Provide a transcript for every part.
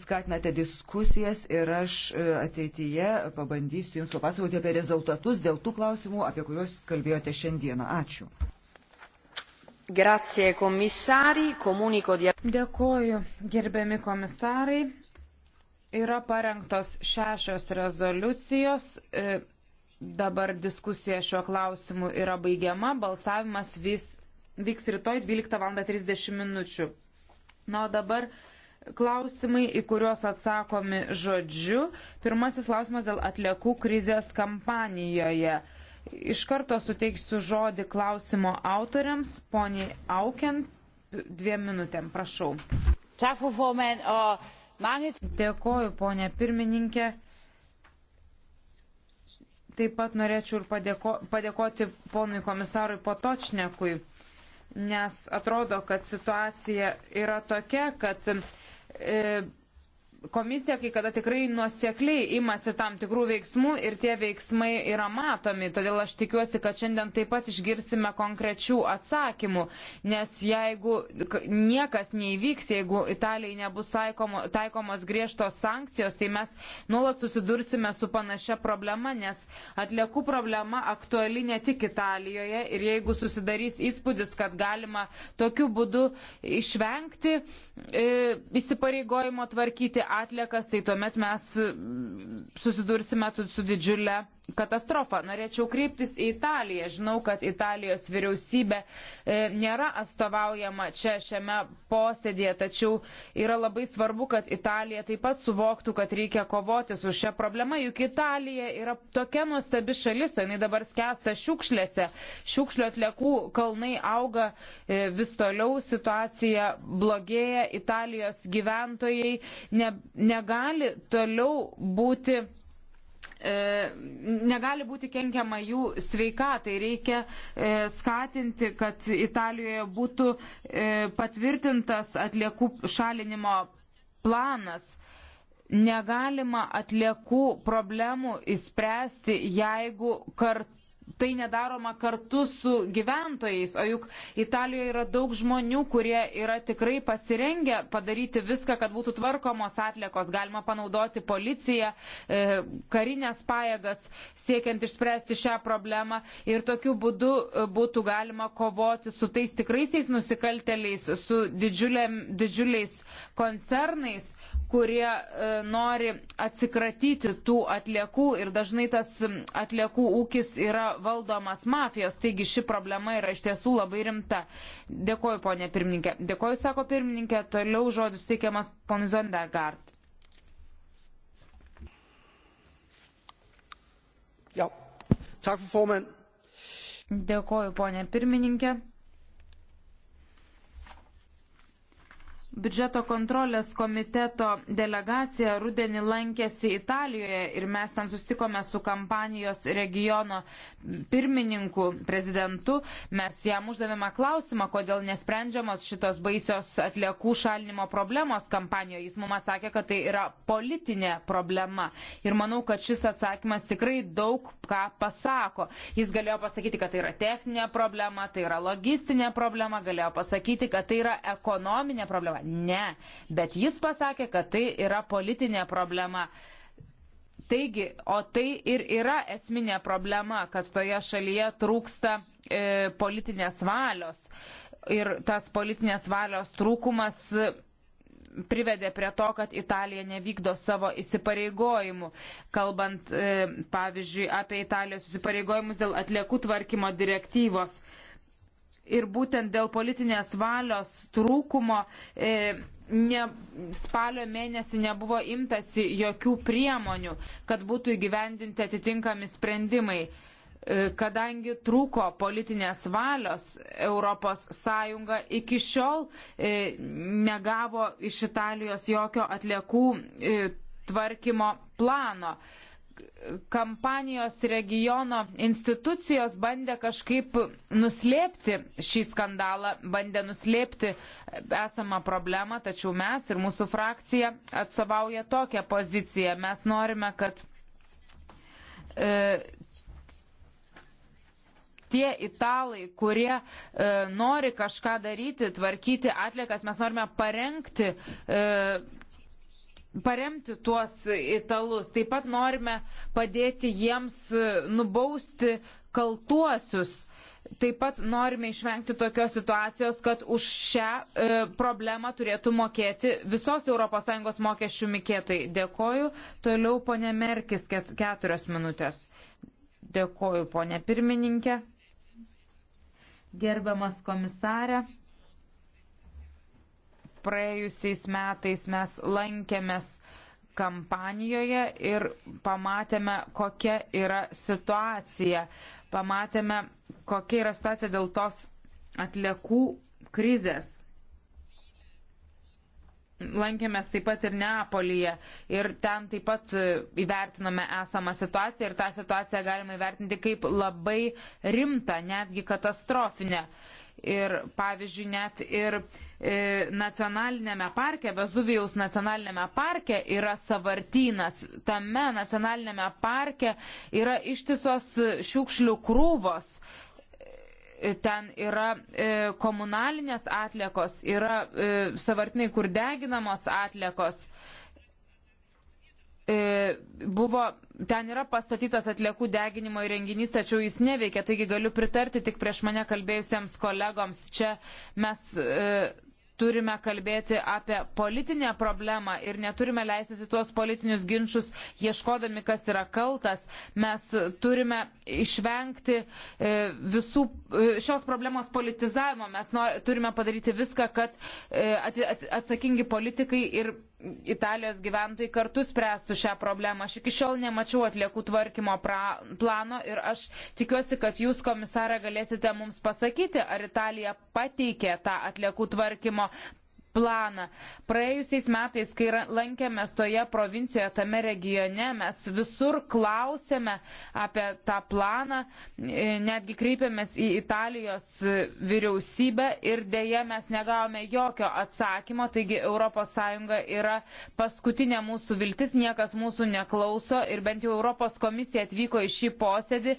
skatinate diskusijas ir aš e, ateityje pabandysiu Jums papasakoti apie rezultatus dėl tų klausimų, apie kuriuos kalbėjote šiandieną. Ačiū. Grazie, komisari, komuniko di... Dėkuoju, gerbiami komisarai. Yra parengtos šešios rezoliucijos. E, dabar diskusija šiuo klausimu yra baigiama, balsavimas vis, vyks rytoj 12 val. 30 minučių. Na, o dabar klausimai, į kuriuos atsakomi žodžiu. Pirmasis klausimas dėl atliekų krizės kampanijoje. Iš karto suteiksiu žodį klausimo autoriams. Poniai Aukiant, dviem minutėm, prašau. Dėkoju, ponė pirmininkė. Taip pat norėčiau ir padėko, padėkoti ponui komisarui Potočnekui, nes atrodo, kad situacija yra tokia, kad e, komisija kai kada tikrai nuosekliai imasi tam tikrų veiksmų ir tie veiksmai yra matomi. Todėl aš tikiuosi, kad šiandien taip pat išgirsime konkrečių atsakymų, nes jeigu niekas neįvyks, jeigu Italijai nebus taikomo, taikomos griežtos sankcijos, tai mes nuolat susidursime su panašia problema, nes atliekų problema aktuali ne tik Italijoje ir jeigu susidarys įspūdis, kad galima tokiu būdu išvengti e, įsipareigojimo tvarkyti atliekas, tai tuomet mes mm, susidursime su didžiulė katastrofą. Norėčiau kreiptis į Italiją. Žinau, kad Italijos vyriausybė e, nėra atstovaujama čia šiame posėdėje, tačiau yra labai svarbu, kad Italija taip pat suvoktų, kad reikia kovoti su šia problema, juk Italija yra tokia nuostabi šalis, o jinai dabar skęsta šiukšlėse. Šiukšlių atliekų kalnai auga e, vis toliau, situacija blogėja, Italijos gyventojai ne, negali toliau būti E, negali būti kenkiama jų sveikatai. Reikia e, skatinti, kad Italijoje būtų e, patvirtintas atliekų šalinimo planas negalima atliekų problemų įspręsti, jeigu kartu tai nedaroma kartu su gyventojais, o juk Italijoje yra daug žmonių, kurie yra tikrai pasirengę padaryti viską, kad būtų tvarkomos atliekos, galima panaudoti policiją, e, karinės pajėgas, siekiant išspręsti šią problemą ir tokiu būdu e, būtų galima kovoti su tais tikraisiais nusikalteliais, su didžiuliais koncernais kurie e, nori atsikratyti tų atliekų ir dažnai tas atliekų ūkis yra valdomas mafijos, taigi ši problema yra iš tiesų labai rimta. Dėkoju, ponė pirmininkė. Dėkoju, sako pirmininkė, toliau žodis teikiamas ponui Zondergaard. Ja. Tak for formand. Dėkoju, ponė pirmininkė. Biudžeto kontrolės komiteto delegacija rudenį lankėsi Italijoje ir mes ten sustikome su kampanijos regiono pirmininku, prezidentu. Mes jam uždavėme klausimą, kodėl nesprendžiamos šitos baisios atliekų šalinimo problemos kampanijoje. Jis mums atsakė, kad tai yra politinė problema. Ir manau, kad šis atsakymas tikrai daug ką pasako. Jis galėjo pasakyti, kad tai yra techninė problema, tai yra logistinė problema, galėjo pasakyti, kad tai yra ekonominė problema ne, bet jis pasakė, kad tai yra politinė problema. Taigi, o tai ir yra esminė problema, kad toje šalyje trūksta e, politinės valios. Ir tas politinės valios trūkumas e, privedė prie to, kad Italija nevykdo savo įsipareigojimų. Kalbant, e, pavyzdžiui, apie Italijos įsipareigojimus dėl atliekų tvarkymo direktyvos. E, ir būtent dėl politinės valios trūkumo e, ne, spalio mėnesį nebuvo imtasi jokių priemonių, kad būtų įgyvendinti atitinkami sprendimai. E, kadangi trūko politinės valios, ES iki šiol e, negavo iš Italijos jokio atliekų e, tvarkymo plano. E, kampanijos regiono institucijos bandė kažkaip nuslėpti šį skandalą, bandė nuslėpti esamą problemą, tačiau mes ir mūsų frakcija atstovauja tokią poziciją. Mes norime, kad e, tie italai, kurie e, nori kažką daryti, tvarkyti atliekas, mes norime parengti e, paremti tuos italus. Taip pat norime padėti jiems e, nubausti kaltuosius. Taip pat norime išvengti tokios situacijos, kad už šią e, problemą turėtų mokėti visos ES mokesčių mokėtojai. Dėkoju. Toliau ponė Merkis ket, keturios minutės. Dėkoju ponė pirmininkė. Gerbiamas komisarė praėjusiais metais mes lankėmės kampanijoje ir pamatėme, kokia yra situacija. Pamatėme, kokia yra situacija dėl tos atliekų krizės. Lankėmės taip pat ir Neapolyje ir ten taip pat įvertinome esamą situaciją ir tą situaciją galima įvertinti kaip labai rimtą, netgi katastrofinę. Uh, Ir pavyzdžiui, net ir e, nacionalinėme parke, Vezuvijaus nacionalinėme parke yra savartynas. Tame nacionalinėme parke yra ištisos šiukšlių krūvos. E, ten yra e, komunalinės atliekos, yra e, savartinai, kur deginamos atliekos. E, E, buvo, ten yra pastatytas atliekų deginimo įrenginys, tačiau jis neveikia, taigi galiu pritarti tik prieš mane kalbėjusiems kolegoms. Čia mes e, turime kalbėti apie politinę problemą ir neturime leistis į tuos politinius ginčius, ieškodami, kas yra kaltas. Mes turime išvengti e, visų e, šios problemos politizavimo. Mes nor, turime padaryti viską, kad e, at, at, atsakingi politikai ir Italijos gyventojai kartu spręstų šią problemą. Aš iki šiol nemačiau atliekų tvarkymo pra, plano ir aš tikiuosi, kad jūs, komisarė, galėsite mums pasakyti, ar Italija pateikė tą atliekų tvarkymo planą. Praėjusiais metais, kai lankėmės toje provincijoje, tame regione, mes visur klausėme apie tą planą, e, netgi kreipėmės į Italijos e, vyriausybę ir dėje mes negavome jokio atsakymo, taigi ES yra paskutinė mūsų viltis, niekas mūsų neklauso ir bent jau Europos komisija atvyko į šį posėdį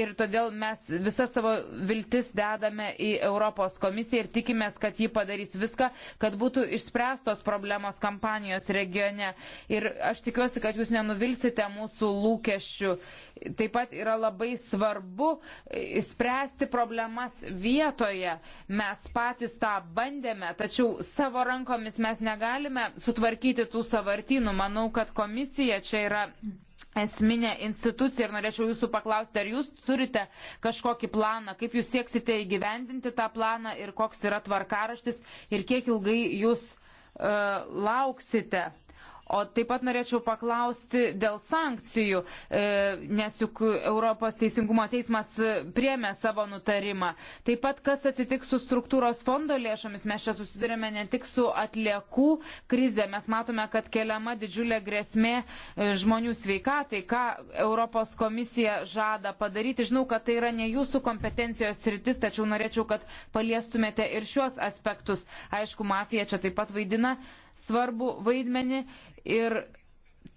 ir todėl mes visą savo viltis dedame į Europos komisiją ir tikimės, kad ji padarys viską, kad būtų išspręstos problemos kampanijos regione. Ir aš tikiuosi, kad jūs nenuvilsite mūsų lūkesčių. Taip pat yra labai svarbu spręsti problemas vietoje. Mes patys tą bandėme, tačiau savo rankomis mes negalime sutvarkyti tų savartynų. Manau, kad komisija čia yra esminė institucija ir norėčiau jūsų paklausti, ar jūs turite kažkokį planą, kaip jūs sieksite įgyvendinti tą planą ir koks yra tvarkaraštis ir kiek ilgai jūs uh, lauksite. O taip pat norėčiau paklausti dėl sankcijų, e, nes juk Europos teisingumo teismas priemė savo nutarimą. Taip pat kas atsitiks su struktūros fondo lėšomis, mes čia susidurėme ne tik su atliekų krize, mes matome, kad keliama didžiulė grėsmė e, žmonių sveikatai, ką Europos komisija žada padaryti. Žinau, kad tai yra ne jūsų kompetencijos sritis, tačiau norėčiau, kad paliestumėte ir šiuos aspektus. Aišku, mafija čia taip pat vaidina svarbu vaidmenį ir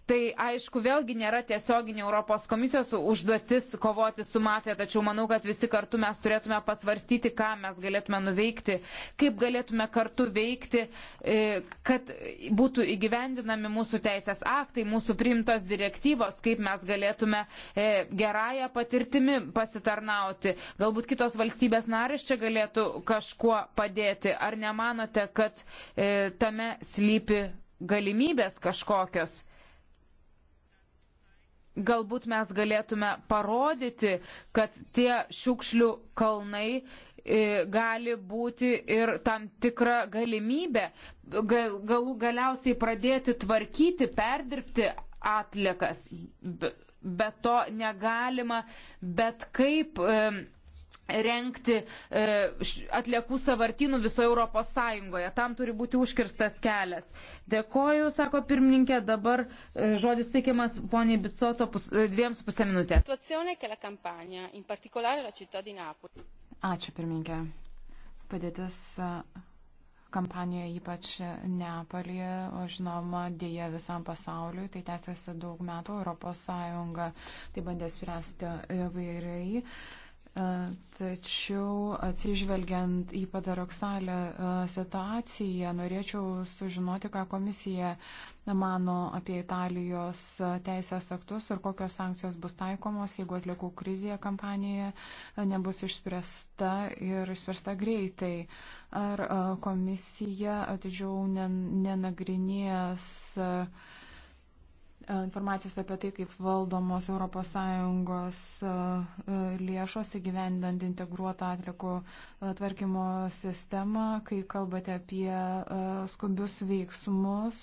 Tai aišku, vėlgi nėra tiesioginė Europos komisijos užduotis kovoti su mafija, tačiau manau, kad visi kartu mes turėtume pasvarstyti, ką mes galėtume nuveikti, kaip galėtume kartu veikti, e, kad būtų įgyvendinami mūsų teisės aktai, mūsų priimtos direktyvos, kaip mes galėtume e, gerąją patirtimi pasitarnauti. Galbūt kitos valstybės narės čia galėtų kažkuo padėti. Ar nemanote, kad e, tame slypi galimybės kažkokios? galbūt mes galėtume parodyti, kad tie šiukšlių kalnai e, gali būti ir tam tikra galimybė gal, galų galiausiai pradėti tvarkyti, perdirbti atliekas. Be, be to negalima bet kaip. E, renkti e, atliekų savartynų visoje Europos Sąjungoje. Tam turi būti užkirstas kelias. Dėkoju, sako pirmininkė, dabar e, žodis teikiamas poniai Bicoto pus, e, dviems pusę minutės. Ačiū, pirmininkė. Padėtis kampanijoje, ypač Neapolyje, o žinoma, dėja visam pasauliu, tai tęsiasi daug metų, Europos Sąjunga tai bandė spręsti įvairiai. E, E, tačiau atsižvelgiant į padaroksalę e, situaciją, norėčiau sužinoti, ką komisija mano apie Italijos teisės aktus ir kokios sankcijos bus taikomos, jeigu atliekų krizėje kampanija e, nebus išspręsta ir išspręsta greitai. Ar komisija atidžiau nenagrinės. Ne E, informacijos apie tai, kaip valdomos ES e, e, lėšos įgyvendant integruotą atlikų tvarkymo sistemą, kai kalbate apie skubius veiksmus.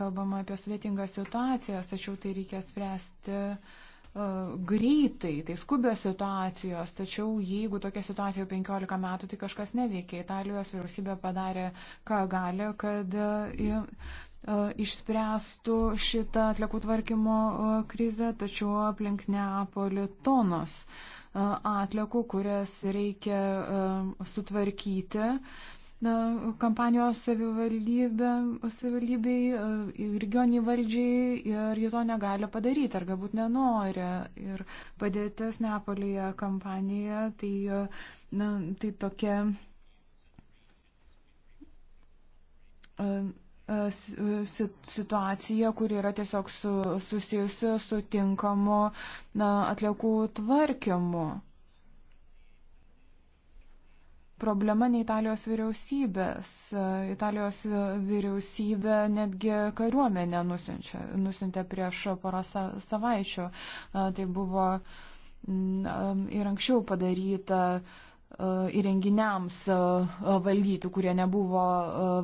Kalbama apie sudėtingas situacijas, tačiau tai reikia spręsti greitai, tai skubios situacijos, tačiau jeigu tokia situacija jau 15 metų, tai kažkas neveikia. Italijos vyriausybė padarė, ką gali, kad E, išspręstų šitą atliekų tvarkymo e, krizę, tačiau aplink Neapolį tonos e, atliekų, kurias reikia sutvarkyti. Na, kampanijos savivaldybei, regioniai valdžiai ir jie to negali padaryti ar galbūt nenori. Ir padėtis Neapolyje kampanija, tai, na, tai tokia. Uh, E, e, situacija, kuri yra tiesiog su, susijusi su tinkamu na, atliekų tvarkimu. Problema ne Italijos vyriausybės. E, Italijos vyriausybė netgi kariuomenę nusintė prieš porą savaičių. Tai buvo ir anksčiau padaryta įrenginiams valdyti, kurie nebuvo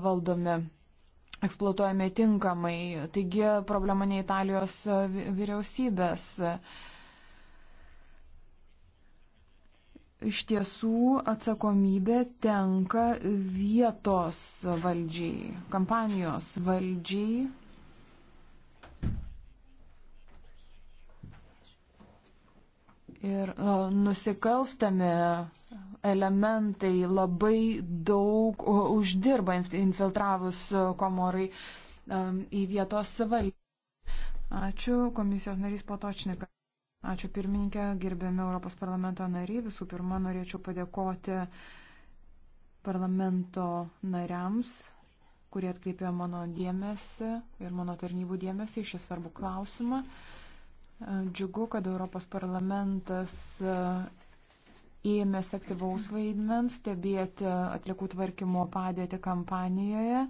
valdomi eksploatuojami tinkamai. Taigi problema ne Italijos vyriausybės. Iš tiesų atsakomybė tenka vietos valdžiai, kampanijos valdžiai, ir nusikalstami elementai labai daug uždirba infiltravus komorai į vietos valdžią. Ačiū komisijos narys Potočnikas. Ačiū pirmininkė, gerbiami Europos parlamento nariai. Visų pirma, norėčiau padėkoti parlamento nariams, kurie atkreipė mano dėmesį ir mano tarnybų dėmesį į šį svarbų klausimą. Džiugu, kad Europos parlamentas ėmės aktyvaus vaidmens stebėti atliekų tvarkymo padėti kampanijoje.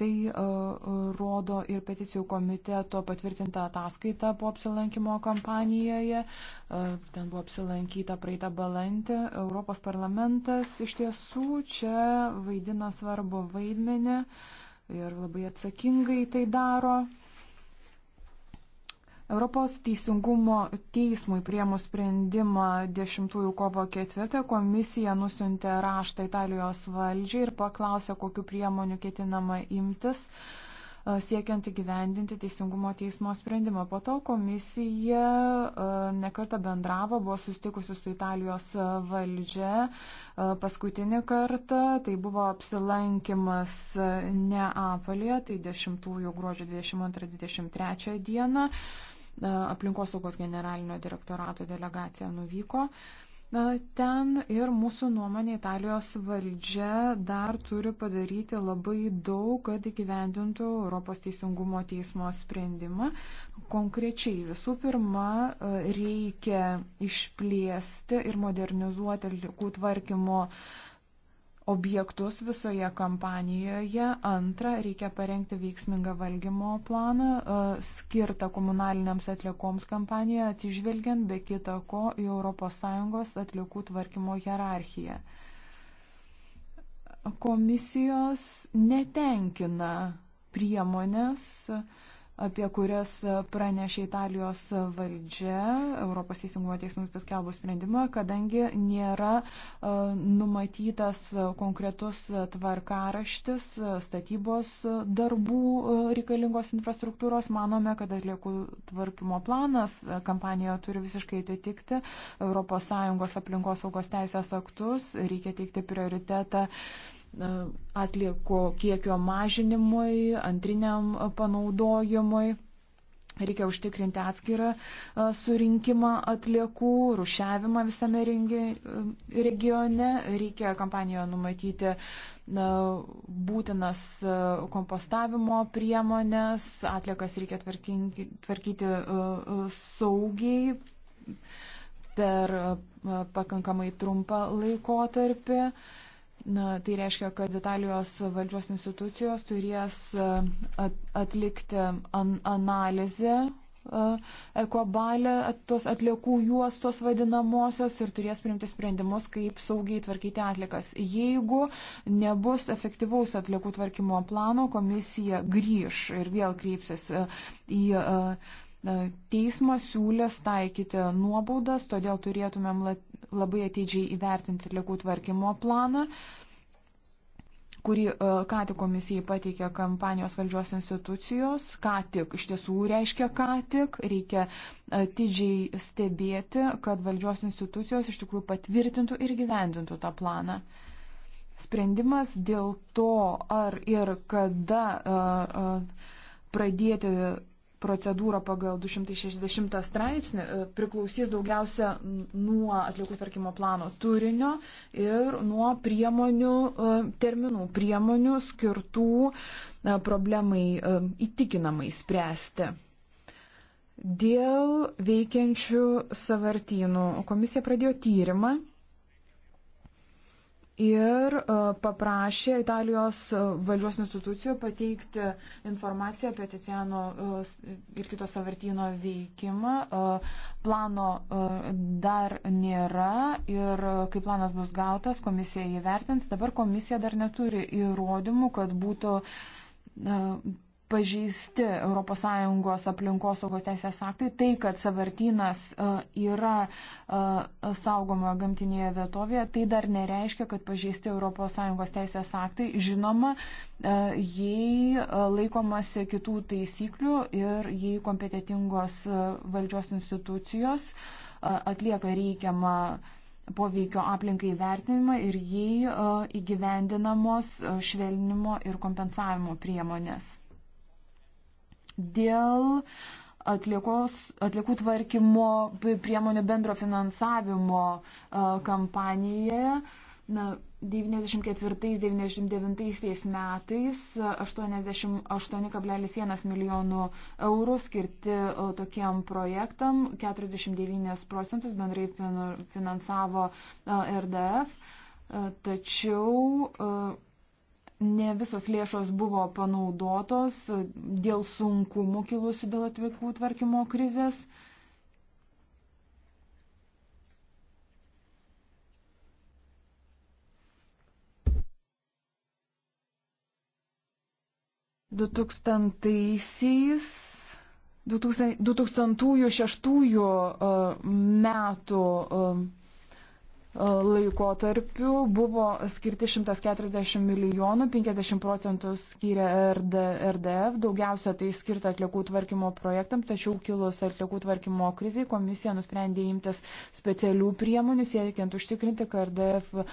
Tai uh, rodo ir peticijų komiteto patvirtinta ataskaita po apsilankimo kampanijoje. Uh, ten buvo apsilankyta praeitą balandį. Europos parlamentas iš tiesų čia vaidina svarbu vaidmenį ir labai atsakingai tai daro. Europos teisingumo teismui priemus sprendimą 10 kovo 4 komisija nusintė raštą Italijos valdžiai ir paklausė, kokiu priemoniu ketinama imtis e, siekiant įgyvendinti Teisingumo teismo sprendimą. Po to komisija e, nekarta bendravo, buvo sustikusi su Italijos valdžia. E, paskutinį kartą tai buvo apsilankimas Neapolėje, tai 10 gruodžio 22-23 dieną. E, aplinkosaugos generalinio direktorato delegacija nuvyko. E, ten ir mūsų nuomonė Italijos valdžia dar turi padaryti labai daug, kad įgyvendintų Europos teisingumo teismo sprendimą. Konkrečiai visų pirma, e, reikia išplėsti ir modernizuoti atlikų tvarkymo uh, objektus visoje kampanijoje. Antra, reikia parengti veiksmingą valdymo planą, e, skirtą komunaliniams atliekoms kampaniją, atsižvelgiant be kita ko į ES atliekų tvarkymo hierarchiją. Komisijos netenkina priemonės, uh, apie kurias pranešė Italijos valdžia, Europos teisingumo teismui paskelbus sprendimą, kadangi nėra e, numatytas konkretus tvarkaraštis statybos darbų e, reikalingos infrastruktūros. Manome, kad atliekų tvarkymo planas e, kampanijoje turi visiškai atitikti ES aplinkosaugos teisės aktus, reikia teikti prioritetą E, atlieko kiekio mažinimui, antriniam panaudojimui. Reikia užtikrinti atskirą e, surinkimą atliekų, rušiavimą visame e, regione. Reikia kampanijoje numatyti būtinas kompostavimo priemonės, atliekas reikia tvarkingi, tvarkyti saugiai per pakankamai trumpą laikotarpį. Na, tai reiškia, kad Italijos valdžios institucijos turės e, atlikti an analizę e, ekobalę, tos atliekų juostos vadinamosios ir turės priimti sprendimus, kaip saugiai tvarkyti atlikas. Jeigu nebus efektyvaus atliekų tvarkymo plano, komisija grįž ir vėl kreipsis e, į teismą siūlęs taikyti nuobaudas, todėl turėtumėm labai ateidžiai įvertinti liekų tvarkymo planą kurį e, ką tik komisijai pateikė kampanijos valdžios institucijos, ką tik, iš tiesų reiškia ką tik, reikia atidžiai stebėti, kad valdžios institucijos iš tikrųjų patvirtintų ir gyvendintų tą planą. Sprendimas dėl to, ar ir kada e, e, pradėti procedūra pagal 260 straipsnį e, priklausys daugiausia nuo atliekų tvarkymo plano turinio ir nuo priemonių e, terminų, priemonių skirtų e, problemai įtikinamai spręsti. Dėl veikiančių savartynų komisija pradėjo tyrimą ir e, paprašė Italijos e, valdžios institucijų pateikti informaciją apie Ticiano e, ir kito savartino veikimą. Plano dar nėra ir kai planas bus gautas, komisija įvertins. Dabar komisija dar neturi įrodymų, kad būtų pažeisti ES aplinkosaugos teisės aktai. Tai, kad savartynas e, yra e, saugoma gamtinėje vietovėje, tai dar nereiškia, kad pažeisti ES teisės aktai. Žinoma, e, jei laikomasi kitų taisyklių ir jei kompetitingos valdžios institucijos atlieka reikiamą poveikio aplinkai vertinimą ir jį įgyvendinamos švelnimo ir kompensavimo priemonės dėl atliekos, atliekų tvarkymo priemonių bendro finansavimo kampanijoje. Na, 94-99 metais 88,1 milijonų eurų skirti tokiem projektam, 49 procentus bendrai finansavo RDF, tačiau ne visos lėšos buvo panaudotos dėl sunkumų kilusių dėl atvikų tvarkymo krizės. Du tūkstantaisiais 2006 e, metų e, E, laikotarpiu buvo skirti 140 milijonų, 50 procentų skiria RD, RDF, daugiausia tai skirta atliekų tvarkymo projektam, tačiau kilus atliekų tvarkymo krizai komisija nusprendė imtis specialių priemonių, siekiant užtikrinti, kad RDF e,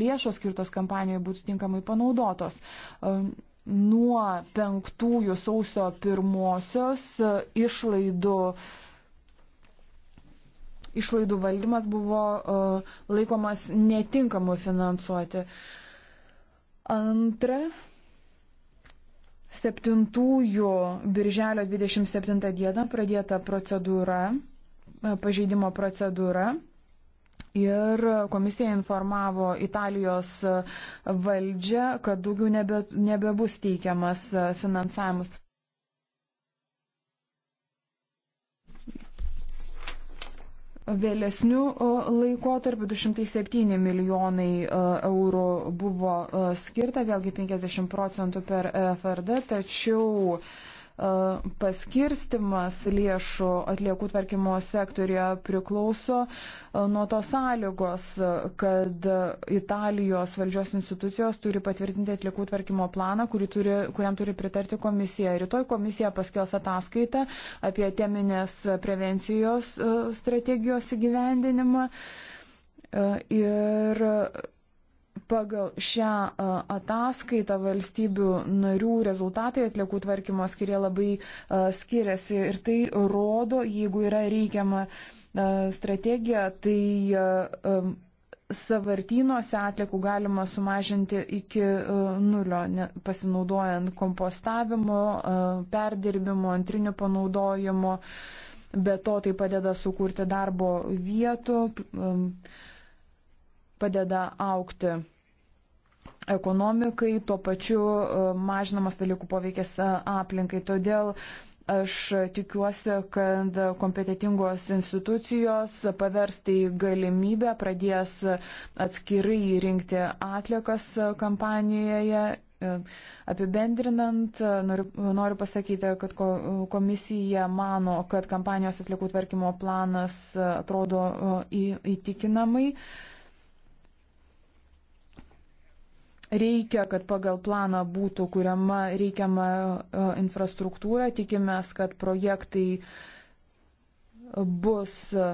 lėšos skirtos kampanijoje būtų tinkamai panaudotos e, nuo penktųjų sausio pirmosios išlaidų išlaidų valdymas buvo e, laikomas netinkamu finansuoti. Antra, 7 birželio 27 dieną pradėta procedūra, e, pažeidimo procedūra. Ir komisija informavo Italijos e, valdžią, kad daugiau nebe, nebebus teikiamas finansavimus. Vėlesnių laikotarpių 207 milijonai e, eurų buvo e, skirta, vėlgi 50 procentų per e, FRD, tačiau E, paskirstimas lėšų atliekų tvarkymo sektorija priklauso e, nuo tos sąlygos, kad Italijos valdžios institucijos turi patvirtinti atliekų tvarkymo planą, turi, kuriam turi pritarti komisija. Rytoj komisija paskels ataskaitą apie teminės prevencijos e, strategijos įgyvendinimą. Ir Pagal šią ataskaitą valstybių narių rezultatai atliekų tvarkymo skiria labai skiriasi ir tai rodo, jeigu yra reikiama strategija, tai savartynuose atliekų galima sumažinti iki nulio, pasinaudojant kompostavimo, perdirbimo, antrinių panaudojimo. Be to tai padeda sukurti darbo vietų, padeda aukti ekonomikai, tuo pačiu e, mažinamas dalykų poveikis e, aplinkai. Todėl aš tikiuosi, kad kompetitingos institucijos pavers tai galimybę, pradės atskirai rinkti atlikas kampanijoje. E, apibendrinant, noriu, noriu pasakyti, kad komisija mano, kad kampanijos atlikų tvarkymo planas atrodo įtikinamai. Reikia, kad pagal planą būtų kuriama reikiama e, infrastruktūra. Tikimės, kad projektai bus e,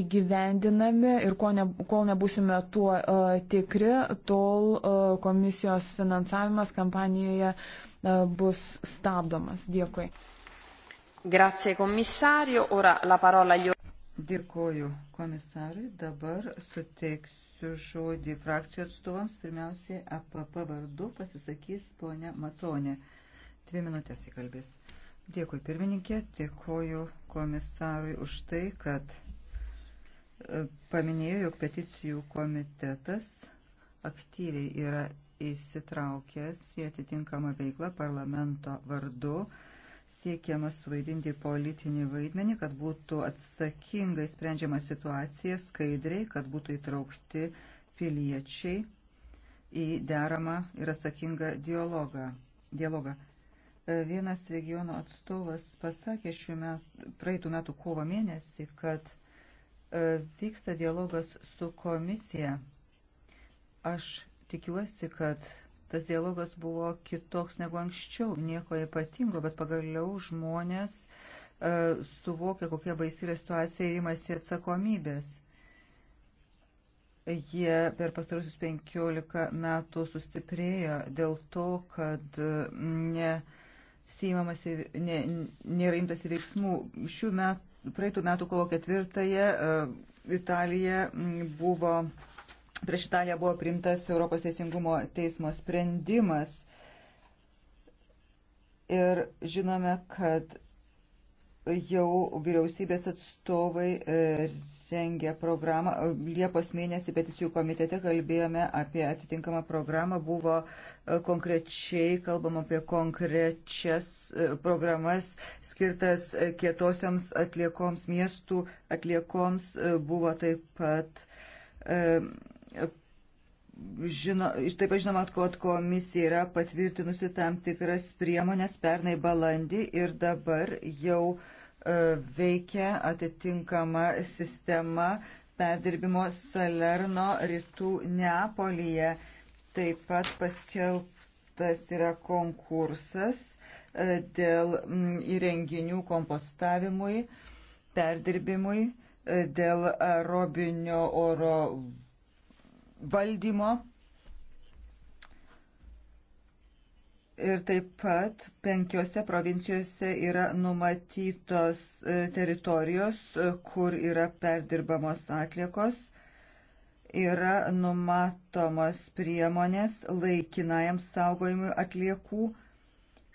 įgyvendinami ir kol, ne, kol nebusime tuo uh, tikri, tol uh, komisijos finansavimas kampanijoje uh, bus stabdomas. Dėkui. Grazie, komisario. Ora la parola agli... Dėkoju komisarui. Dabar suteiksiu suteiksiu žodį frakcijų atstovams. Pirmiausiai, APP vardu pasisakys ponia Maconė. Dvi minutės įkalbės. Dėkui pirmininkė, dėkoju komisarui už tai, kad e, paminėjo, jog peticijų komitetas aktyviai yra įsitraukęs į atitinkamą veiklą parlamento vardu siekiama suvaidinti politinį vaidmenį, kad būtų atsakingai sprendžiama situacija skaidriai, kad būtų įtraukti piliečiai į deramą ir atsakingą dialogą. dialogą. E, vienas regiono atstovas pasakė šių metų, praeitų metų kovo mėnesį, kad e, vyksta dialogas su komisija. Aš tikiuosi, kad tas dialogas buvo kitoks negu anksčiau, nieko ypatingo, bet pagaliau žmonės e, suvokia, kokia baisi yra situacija ir imasi atsakomybės. Jie per pastarusius 15 metų sustiprėjo dėl to, kad e, ne, siimamasi, ne, nėra imtasi veiksmų. Šių metų, praeitų metų kovo ketvirtąją e, Italija buvo prieš Italiją buvo priimtas Europos teisingumo teismo sprendimas. Ir žinome, kad jau vyriausybės atstovai e, rengia programą. Liepos mėnesį peticijų komitete kalbėjome apie atitinkamą programą. Buvo e, konkrečiai kalbama apie konkrečias e, programas skirtas kietosiams atliekoms, miestų atliekoms. Buvo taip pat žino, taip pat žinoma, kad komisija yra patvirtinusi tam tikras priemonės pernai balandį ir dabar jau e, veikia atitinkama sistema perdirbimo Salerno rytų Neapolyje. Taip pat paskelbtas yra konkursas e, dėl mm, įrenginių kompostavimui, perdirbimui, e, dėl aerobinio oro valdymo. Ir taip pat penkiose provincijose yra numatytos e, teritorijos, e, kur yra perdirbamos atliekos. Yra numatomos priemonės laikinajam saugojimui atliekų.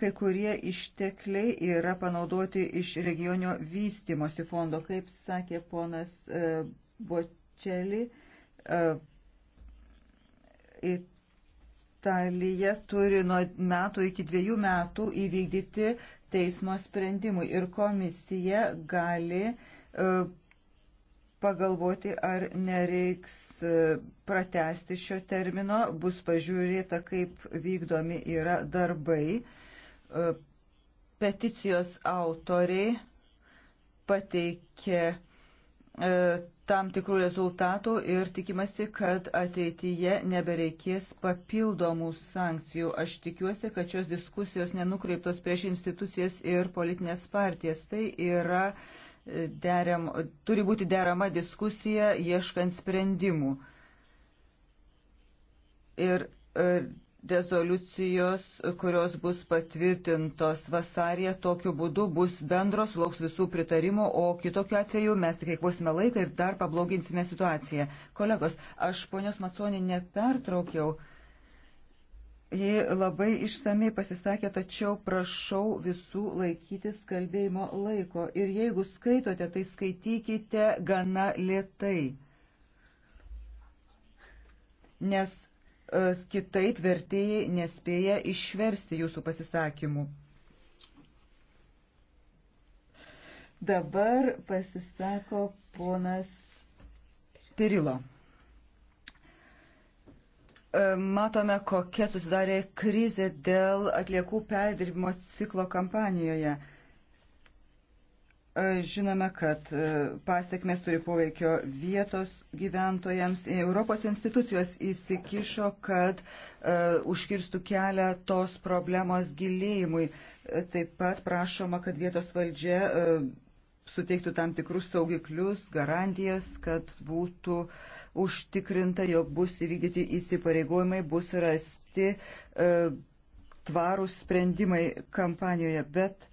Kai kurie ištekliai yra panaudoti iš regionio vystimosi fondo, kaip sakė ponas e, Bočeli, Italija turi nuo metų iki dviejų metų įvykdyti teismo sprendimui ir komisija gali e, pagalvoti, ar nereiks e, pratesti šio termino, bus pažiūrėta, kaip vykdomi yra darbai. E, peticijos autoriai pateikė tam tikrų rezultatų ir tikimasi, kad ateityje nebereikės papildomų sankcijų. Aš tikiuosi, kad šios diskusijos nenukreiptos prieš institucijas ir politinės partijas. Tai yra, e, deriam, turi būti derama diskusija ieškant sprendimų. Ir e, rezoliucijos, kurios bus patvirtintos vasarėje, tokiu būdu bus bendros, lauks visų pritarimo, o kitokiu atveju mes tik eikvosime laiką ir dar pabloginsime situaciją. Kolegos, aš ponios Maconį nepertraukiau. Ji labai išsamei pasisakė, tačiau prašau visų laikytis kalbėjimo laiko. Ir jeigu skaitote, tai skaitykite gana lietai. Nes E, kitaip vertėjai nespėja išversti jūsų pasisakymų. Dabar pasisako ponas Pirilo. E, matome, kokia susidarė krizė dėl atliekų perdirbimo ciklo kampanijoje. E, žinome, kad e, pasiekmes turi poveikio vietos gyventojams. E, Europos institucijos įsikišo, kad užkirstų kelią tos problemos gilėjimui. Taip pat prašoma, kad vietos valdžia suteiktų tam tikrus saugiklius, garantijas, kad būtų užtikrinta, jog bus įvykdyti įsipareigojimai, bus rasti tvarūs sprendimai kampanijoje. Bet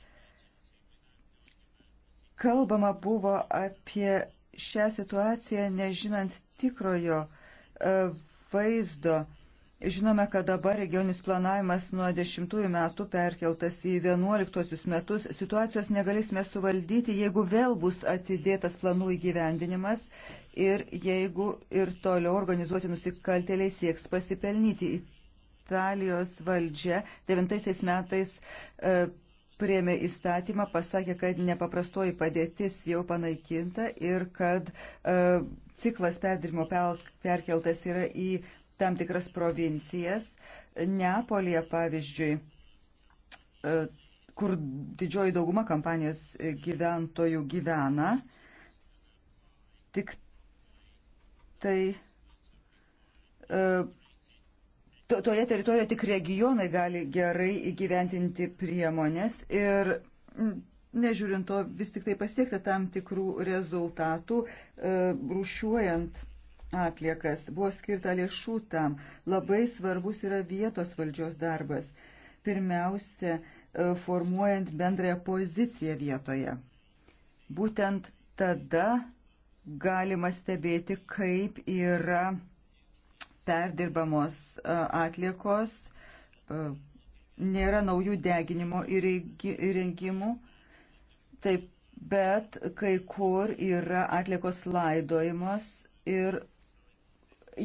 kalbama buvo apie šią situaciją, nežinant tikrojo e, vaizdo. Žinome, kad dabar regionis planavimas nuo 10 metų perkeltas į 11 metus. Situacijos negalėsime suvaldyti, jeigu vėl bus atidėtas planų įgyvendinimas ir jeigu ir toliau organizuoti nusikaltėliai sieks pasipelnyti. Italijos valdžia 9 metais. E, priemė įstatymą, pasakė, kad nepaprastoji padėtis jau panaikinta ir kad e, ciklas perdirimo perkeltas yra į tam tikras provincijas. Neapolėje, pavyzdžiui, e, kur didžioji dauguma kampanijos gyventojų gyvena, tik tai e, to, toje teritorijoje tik regionai gali gerai įgyventinti priemonės ir nežiūrint to vis tik tai pasiekti tam tikrų rezultatų, e, rušiuojant atliekas. Buvo skirta lėšų tam. Labai svarbus yra vietos valdžios darbas. Pirmiausia, e, formuojant bendrąją poziciją vietoje. Būtent tada galima stebėti, kaip yra perdirbamos e, atliekos, e, nėra naujų deginimo įrengimų, taip, bet kai kur yra atliekos laidojimos ir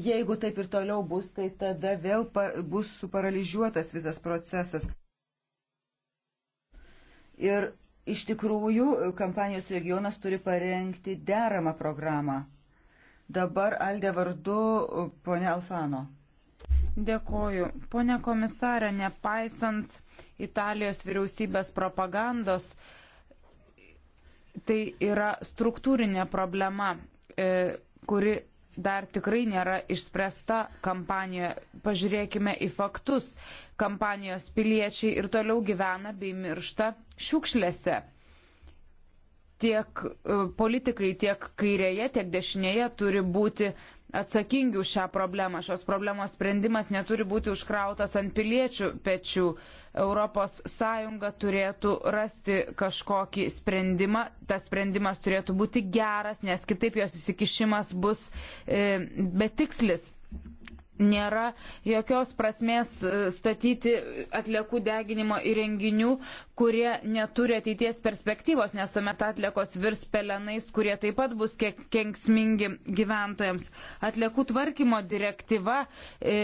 jeigu taip ir toliau bus, tai tada vėl bus suparalyžiuotas visas procesas. Ir iš tikrųjų e, kampanijos regionas turi parengti deramą programą. Dabar Aldė vardu ponė Alfano. Dėkoju. Pone komisarė, nepaisant Italijos vyriausybės propagandos, tai yra struktūrinė problema, e, kuri dar tikrai nėra išspręsta kampanijoje. Pažiūrėkime į faktus. Kampanijos piliečiai ir toliau gyvena bei miršta šiukšlėse tiek e, politikai, tiek kairėje, tiek dešinėje turi būti atsakingi už šią problemą. Šios problemos sprendimas neturi būti užkrautas ant piliečių pečių. ES turėtų rasti kažkokį sprendimą. Tas sprendimas turėtų būti geras, nes kitaip jos įsikišimas bus e, betikslis nėra jokios prasmės e, statyti atliekų deginimo įrenginių, kurie neturi ateities perspektyvos, nes tuomet atliekos virs pelenais, kurie taip pat bus kenksmingi gyventojams. Atliekų tvarkymo direktyva e,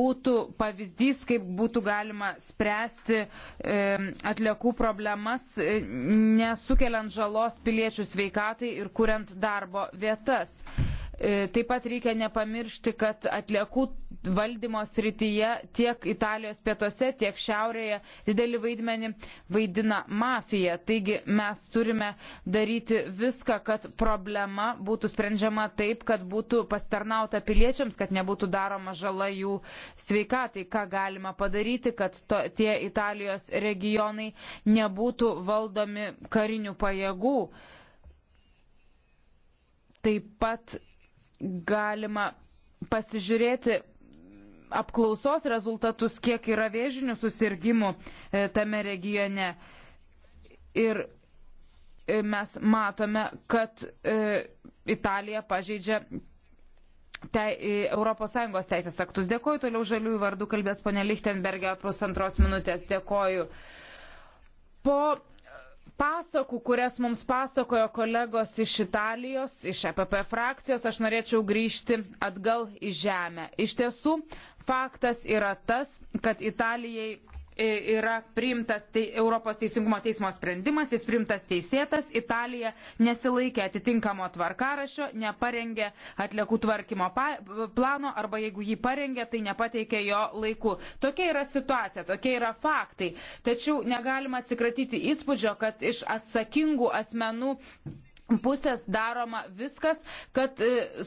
būtų pavyzdys, kaip būtų galima spręsti e, atliekų problemas, e, nesukeliant žalos piliečių sveikatai ir kuriant darbo vietas. E, E, taip pat reikia nepamiršti, kad atliekų valdymo srityje tiek Italijos pietuose, tiek šiaurėje didelį vaidmenį vaidina mafija. Taigi mes turime daryti viską, kad problema būtų sprendžiama taip, kad būtų pastarnauta piliečiams, kad nebūtų daroma žala jų sveikatai. Ką galima padaryti, kad to, tie Italijos regionai nebūtų valdomi karinių pajėgų. Taip pat galima pasižiūrėti apklausos rezultatus, kiek yra vėžinių susirgymų e, tame regione. Ir e, mes matome, kad e, Italija pažeidžia te, ES teisės aktus. Dėkoju, toliau žaliųjų vardų kalbės ponė Lichtenberger pusantros minutės. Dėkoju. Po pasakų, kurias mums pasakojo kolegos iš Italijos, iš EPP frakcijos, aš norėčiau grįžti atgal į žemę. Iš tiesų, faktas yra tas, kad Italijai E, yra priimtas te, Europos teisingumo teismo sprendimas, jis priimtas teisėtas, Italija nesilaikė atitinkamo tvarkarašio, neparengė atliekų tvarkymo pa, plano arba jeigu jį parengė, tai nepateikė jo laiku. Tokia yra situacija, tokie yra faktai. Tačiau negalima atsikratyti įspūdžio, kad iš atsakingų asmenų pusės daroma viskas, kad e,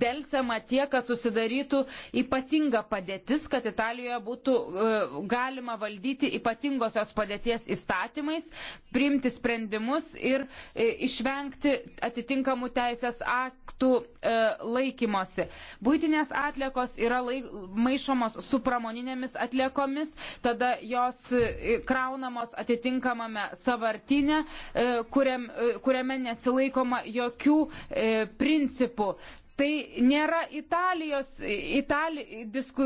dėlsiama tiek, kad susidarytų ypatinga padėtis, kad Italijoje būtų e, galima valdyti ypatingosios padėties įstatymais, priimti sprendimus ir e, išvengti atitinkamų teisės aktų laikymosi. Būtinės atliekos yra laik, maišomos su pramoninėmis atliekomis, tada jos kraunamos atitinkamame savartinė, kuriam, kuriame nesilaikoma nesilaikoma jokių e, principų. Tai nėra Italijos, Itali, disku,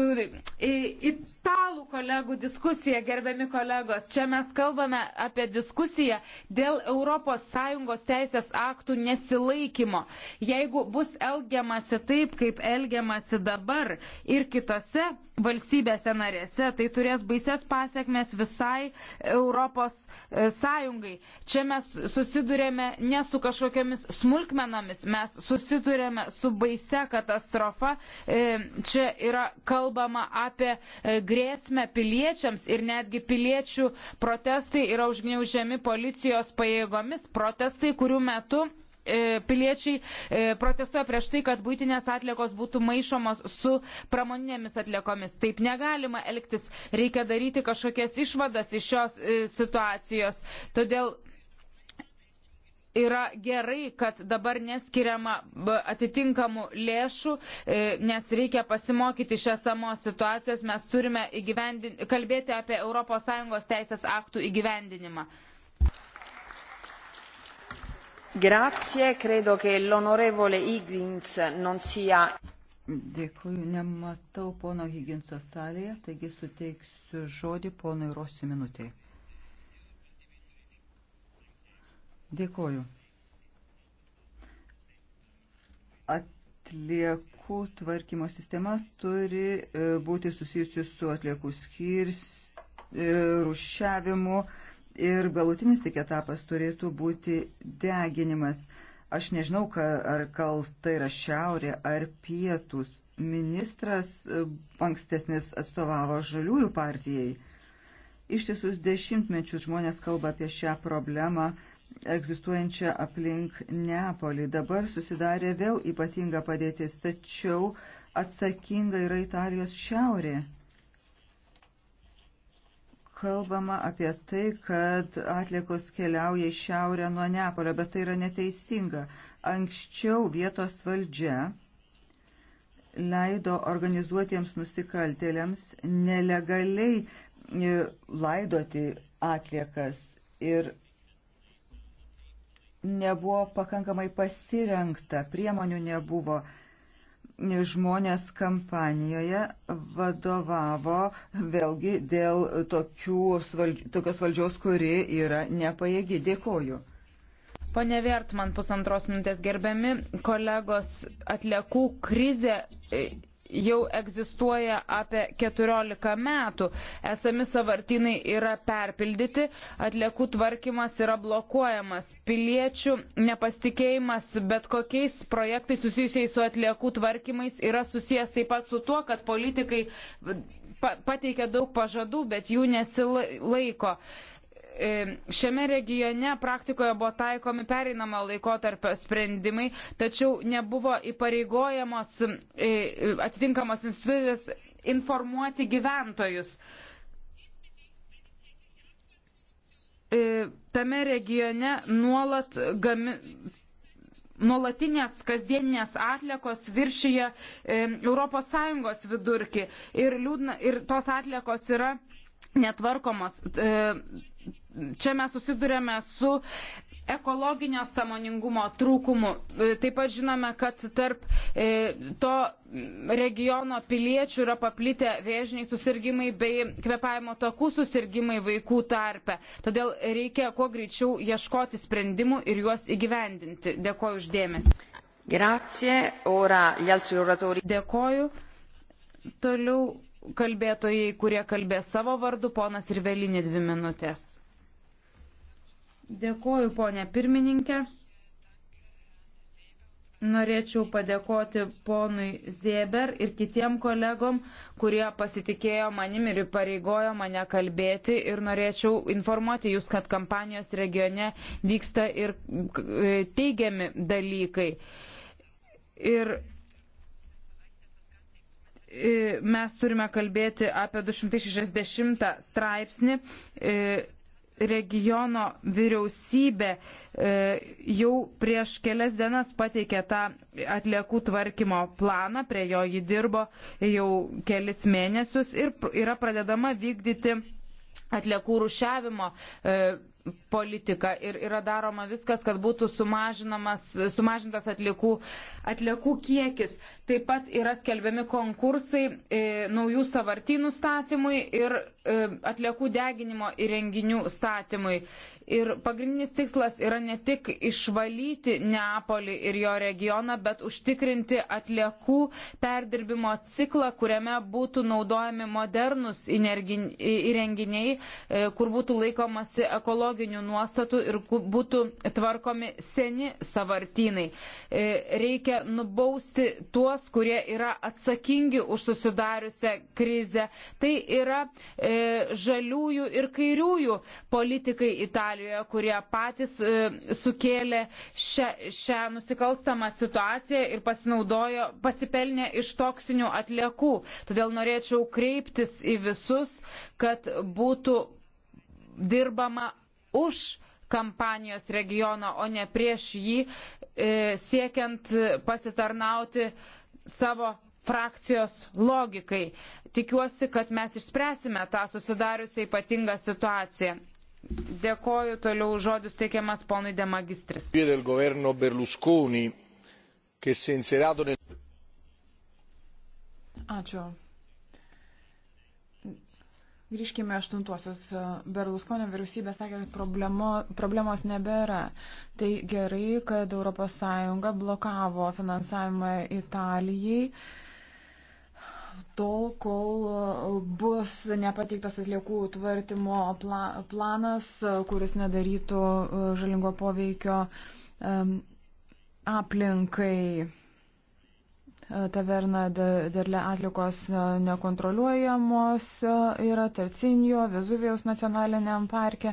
italų kolegų diskusija, gerbiami kolegos. Čia mes kalbame apie diskusiją dėl ES teisės aktų nesilaikymo. Jeigu bus elgiamasi taip, kaip elgiamasi dabar ir kitose valstybėse narėse, tai turės baises pasiekmes visai ES. E, Čia mes susidurėme ne su kažkokiamis smulkmenomis, mes susidurėme su baise katastrofa. E, čia yra kalbama apie e, grėsmę piliečiams ir netgi piliečių protestai yra užgniaužiami policijos pajėgomis. Protestai, kurių metu e, piliečiai protestuoja prieš tai, kad būtinės atliekos būtų maišomos su pramoninėmis atliekomis. Taip negalima elgtis, reikia daryti kažkokias išvadas iš šios situacijos. Todėl yra gerai, kad dabar neskiriama atitinkamų lėšų, e, nes reikia pasimokyti iš esamos situacijos. Mes turime kalbėti apie ES teisės aktų įgyvendinimą. Grazie, credo che l'onorevole Higgins non sia. Dėkuoju, nematau pono Higginso salėje, taigi suteiksiu žodį ponui Rosi minutėje. Dėkoju. Atliekų tvarkymo sistema turi e, būti susijusi su atliekų skirs, e, rušiavimu ir galutinis tik etapas turėtų būti deginimas. Aš nežinau, ar kalta yra šiaurė ar pietus. Ministras e, ankstesnis atstovavo žaliųjų partijai. Ištisus dešimtmečius žmonės kalba apie šią problemą egzistuojančią aplink Neapolį. Dabar susidarė vėl ypatinga padėtis, tačiau atsakinga yra Italijos šiaurė. Kalbama apie tai, kad atliekos keliauja į šiaurę nuo Neapolio, bet tai yra neteisinga. Anksčiau vietos valdžia leido organizuotiems nusikaltėliams nelegaliai e, laidoti atliekas ir nebuvo pakankamai pasirengta, priemonių nebuvo. Žmonės kampanijoje vadovavo vėlgi dėl valdž... tokios valdžios, kuri yra nepajėgi. Dėkoju. Pone Vertman, pusantros minutės gerbiami kolegos atliekų krizė jau egzistuoja apie 14 metų. Esami savartinai yra perpildyti, atliekų tvarkymas yra blokuojamas. Piliečių nepasitikėjimas bet kokiais projektais susijusiais su atliekų tvarkymais yra susijęs taip pat su tuo, kad politikai pateikia daug pažadų, bet jų nesilaiko. E, šiame regione praktikoje buvo taikomi pereinamo laikotarpio sprendimai, tačiau nebuvo įpareigojamos e, atitinkamos institucijos informuoti gyventojus. E, tame regione nuolat gami, nuolatinės kasdieninės atliekos viršyje e, ES vidurkį ir, liūdna, ir tos atliekos yra netvarkomos. E, čia mes susidurėme su ekologinio samoningumo trūkumu. Taip pat žinome, kad tarp e, to regiono piliečių yra paplitę vėžiniai susirgymai bei kvepavimo takų susirgymai vaikų tarpe. Todėl reikia kuo greičiau ieškoti sprendimų ir juos įgyvendinti. Dėkoju uždėmesi. Grazie. Ora gli altri oratori. Dėkoju. Toliau kalbėtojai, kurie kalbės savo vardu, ponas Rivelinė dvi minutės. Dėkuoju, ponė pirmininkė. Norėčiau padėkoti ponui Zieber ir kitiem kolegom, kurie pasitikėjo manim ir pareigojo mane kalbėti. Ir norėčiau informuoti jūs, kad kampanijos regione vyksta ir e, teigiami dalykai. Ir e, mes turime kalbėti apie 260 straipsnį. E, regiono vyriausybė e, jau prieš kelias dienas pateikė tą atliekų tvarkymo planą, prie jo jį dirbo jau kelis mėnesius ir yra pradedama vykdyti atliekų rušiavimo e, politika ir yra daroma viskas, kad būtų sumažintas atliekų, atliekų kiekis. Taip pat yra skelbiami konkursai e, naujų savartynų statymui ir e, atliekų deginimo įrenginių statymui. Ir pagrindinis tikslas yra ne tik išvalyti Neapolį ir jo regioną, bet užtikrinti atliekų perdirbimo ciklą, kuriame būtų naudojami modernus įrenginiai, e, kur būtų laikomasi ekologijos ekologinių nuostatų ir būtų tvarkomi seni savartynai. E, reikia nubausti tuos, kurie yra atsakingi už susidariusią krizę. Tai yra e, žaliųjų ir kairiųjų politikai Italijoje, kurie patys e, sukėlė šią, šią nusikalstamą situaciją ir pasinaudojo, pasipelnė iš toksinių atliekų. Todėl norėčiau kreiptis į visus, kad būtų dirbama už kampanijos regioną, o ne prieš jį, e, siekiant pasitarnauti savo frakcijos logikai. Tikiuosi, kad mes išspręsime tą susidariusią ypatingą situaciją. Dėkoju, toliau žodis teikiamas ponui Demagistris. Ačiū. Grįžkime aštuntuosius. Berluskonio vyriausybė sakė, kad problemo, problemos nebėra. Tai gerai, kad ES blokavo finansavimą Italijai tol, kol bus nepateiktas atliekų tvarkymo pla, planas, kuris nedarytų žalingo poveikio um, aplinkai taverna derle atlikos e, nekontroliuojamos e, yra Tarcinio, Vezuvijos nacionaliniam parke.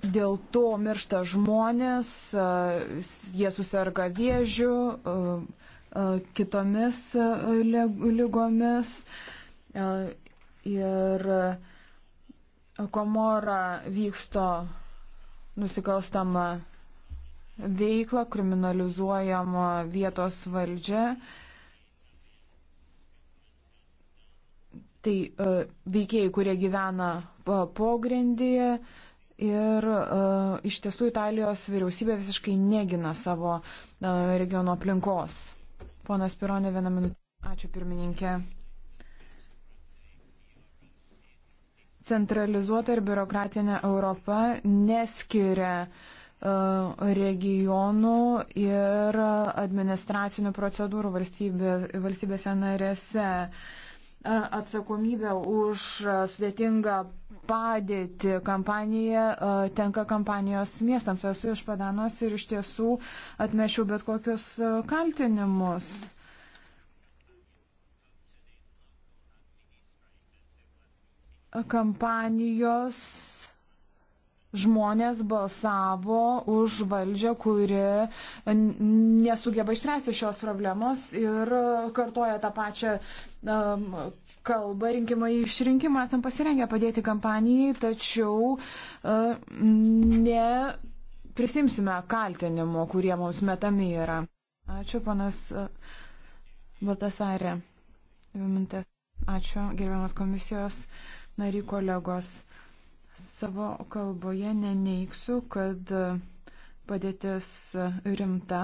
Dėl to miršta žmonės, e, jie susirga vėžių, kitomis lygomis. Ir Komora vyksto nusikalstama veiklą, kriminalizuojama vietos valdžia. Tai e, veikėjai, kurie gyvena pogrindyje ir e, iš tiesų Italijos vyriausybė visiškai negina savo e, regiono aplinkos. Ponas Pironė, vieną minutę. Ačiū pirmininkė. Centralizuota ir biurokratinė Europa neskiria uh, E, regionų ir administracinių procedūrų valstybė, valstybėse narėse. E, atsakomybė už sudėtingą padėtį kampaniją e, tenka kampanijos miestams. Esu iš Padanos ir iš tiesų atmešiau bet kokius kaltinimus. Kampanijos žmonės balsavo už valdžią, kuri nesugeba išspręsti šios problemos ir kartoja tą pačią um, kalbą rinkimai išrinkimą. Esam pasirengę padėti kampanijai, tačiau uh, ne prisimsime kaltinimo, kurie mums metami yra. Ačiū, panas Baltasarė. Ačiū, gerbiamas komisijos nariai kolegos. Savo kalboje neneiksiu, kad padėtis rimta.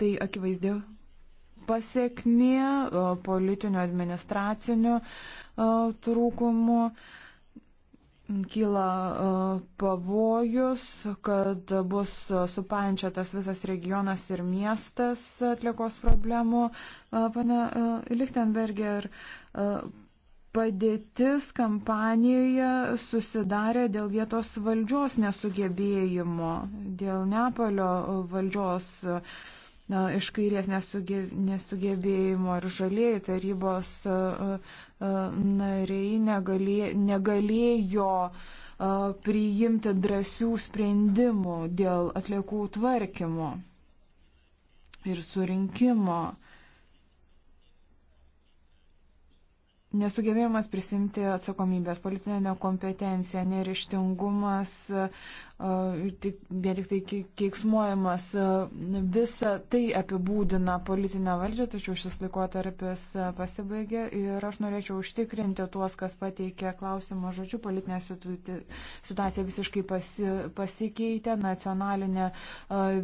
Tai akivaizdė pasiekmė politinių administracinių trūkumų kyla pavojus, kad bus supančiotas visas regionas ir miestas atlikos problemų. Pane e, Lichtenberger e, padėtis kampanijoje susidarė dėl vietos valdžios nesugebėjimo, dėl Neapolio valdžios na, iš kairės nesuge, nesugebėjimo ir žalieji tarybos nariai negalė, negalėjo priimti drąsių sprendimų dėl atliekų tvarkymo ir surinkimo. nesugebėjimas prisimti atsakomybės, politinė nekompetencija, nerištingumas tik, vien tik tai keiksmuojamas. Visa tai apibūdina politinę valdžią, tačiau šis laikotarpis pasibaigė ir aš norėčiau užtikrinti tuos, kas pateikė klausimą žodžiu, politinė situacija visiškai pasi, pasikeitė, nacionalinė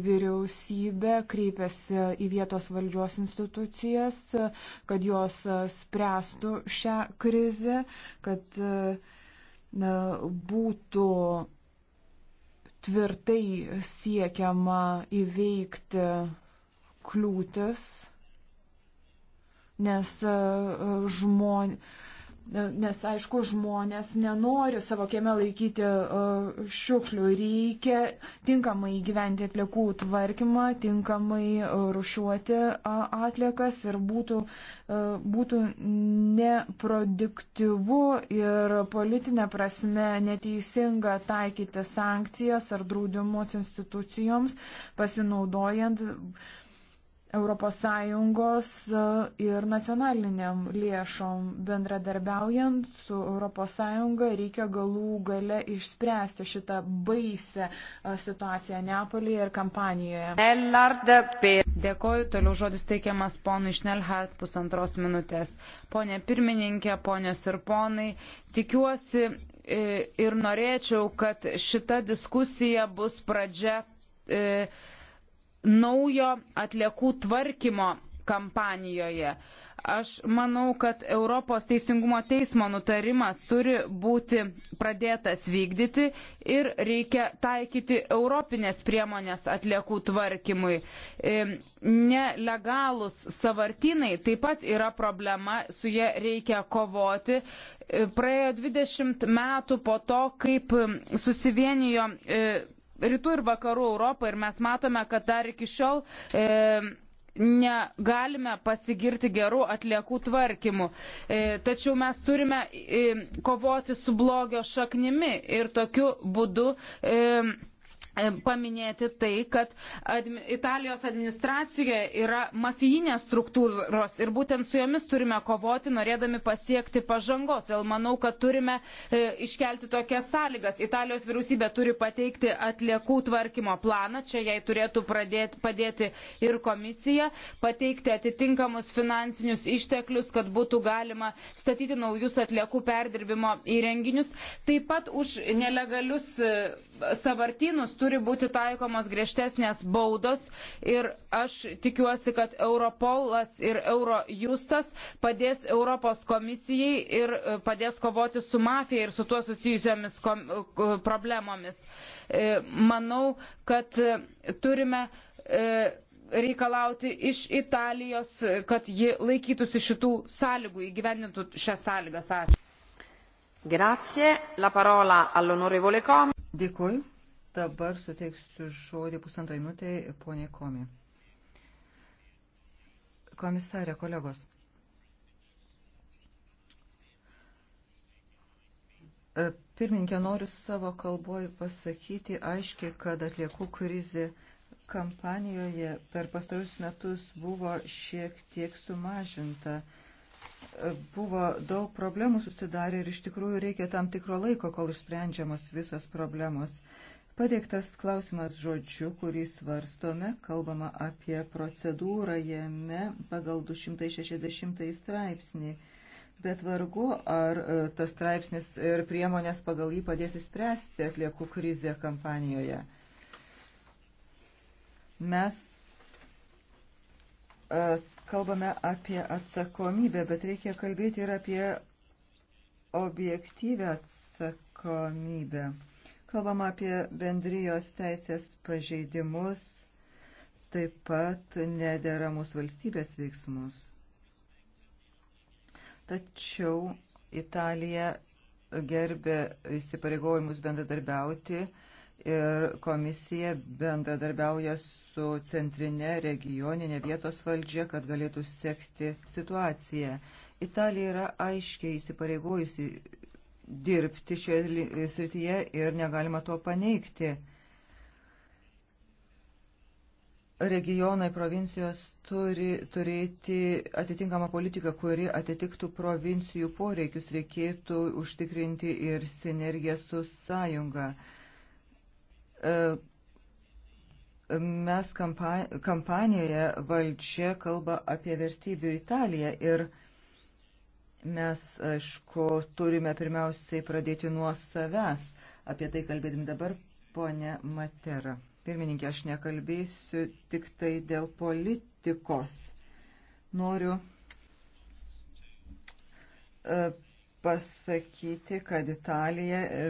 vyriausybė kreipėsi į vietos valdžios institucijas, kad jos spręstų šią krizę, kad būtų tvirtai siekiama įveikti kliūtis, nes e, žmonės Nes, aišku, žmonės nenori savo kieme laikyti e, šiukšlių, reikia tinkamai gyventi atliekų tvarkymą, tinkamai e, rušiuoti atliekas ir būtų, e, būtų neproduktyvu ir politinė prasme neteisinga taikyti sankcijas ar draudimus institucijoms, pasinaudojant ES e, ir nacionaliniam lėšom bendradarbiaujant su ES reikia galų gale išspręsti šitą baisę e, situaciją Neapolėje ir kampanijoje. Dėkoju, toliau žodis teikiamas ponui Šnelhart pusantros minutės. Pone pirmininkė, ponios ir ponai, tikiuosi e, ir norėčiau, kad šita diskusija bus pradžia. E, naujo atliekų tvarkymo kampanijoje. Aš manau, kad Europos teisingumo teismo nutarimas turi būti pradėtas vykdyti ir reikia taikyti europinės priemonės atliekų tvarkymui. E, Nelegalus savartinai taip pat yra problema, su jie reikia kovoti. E, praėjo 20 metų po to, kaip susivienijo e, rytų ir vakarų Europą ir mes matome, kad dar iki šiol e, negalime pasigirti gerų atliekų tvarkymų. E, tačiau mes turime e, kovoti su blogio šaknimi ir tokiu būdu e, E, paminėti tai, kad admi Italijos administracijoje yra mafijinės struktūros ir būtent su jomis turime kovoti, norėdami pasiekti pažangos. Dėl manau, kad turime e, iškelti tokias sąlygas. Italijos vyriausybė turi pateikti atliekų tvarkymo planą, čia jai turėtų pradėti, padėti ir komisija, pateikti atitinkamus finansinius išteklius, kad būtų galima statyti naujus atliekų perdirbimo įrenginius. Taip pat už nelegalius e, savartynus turi būti taikomos griežtesnės baudos ir aš tikiuosi, kad Europolas ir Eurojustas padės Europos komisijai ir e, padės kovoti su mafija ir su tuo susijusiomis e, problemomis. E, manau, kad turime reikalauti iš Italijos, kad ji laikytųsi šitų sąlygų, įgyvendintų šias sąlygas. Ačiū. Grazie. La parola all'onorevole Com. Dėkui. Dabar suteiksiu žodį pusantrą minutę poniai Komi. Komisarė, kolegos. E, pirmininkė, noriu savo kalboje pasakyti aiškiai, kad atliekų krizė kampanijoje per pastarus metus buvo šiek tiek sumažinta. E, buvo daug problemų susidarę ir iš tikrųjų reikia tam tikro laiko, kol išsprendžiamos visos problemos. Pateiktas klausimas žodžiu, kurį svarstome, kalbama apie procedūrą jame pagal 260 straipsnį. Bet vargu, ar e, tas straipsnis ir priemonės pagal jį padės išspręsti atliekų krizę kampanijoje. Mes e, kalbame apie atsakomybę, bet reikia kalbėti ir apie objektyvę atsakomybę. Kalbama apie bendrijos teisės pažeidimus, taip pat nederamus valstybės veiksmus. Tačiau Italija gerbė įsipareigojimus bendradarbiauti ir komisija bendradarbiauja su centrinė regioninė vietos valdžia, kad galėtų sekti situaciją. Italija yra aiškiai įsipareigojusi dirbti šioje srityje ir negalima to paneigti. Regionai, provincijos turi turėti atitinkamą politiką, kuri atitiktų provincijų poreikius, reikėtų užtikrinti ir sinergiją su sąjunga. E, mes kampanijoje valdžia kalba apie vertybių Italiją ir Italiją Mes, aišku, turime pirmiausiai pradėti nuo savęs. Apie tai kalbėdim dabar, ponė Matera. Pirmininkė, aš nekalbėsiu tik tai dėl politikos. Noriu e, pasakyti, kad Italija e,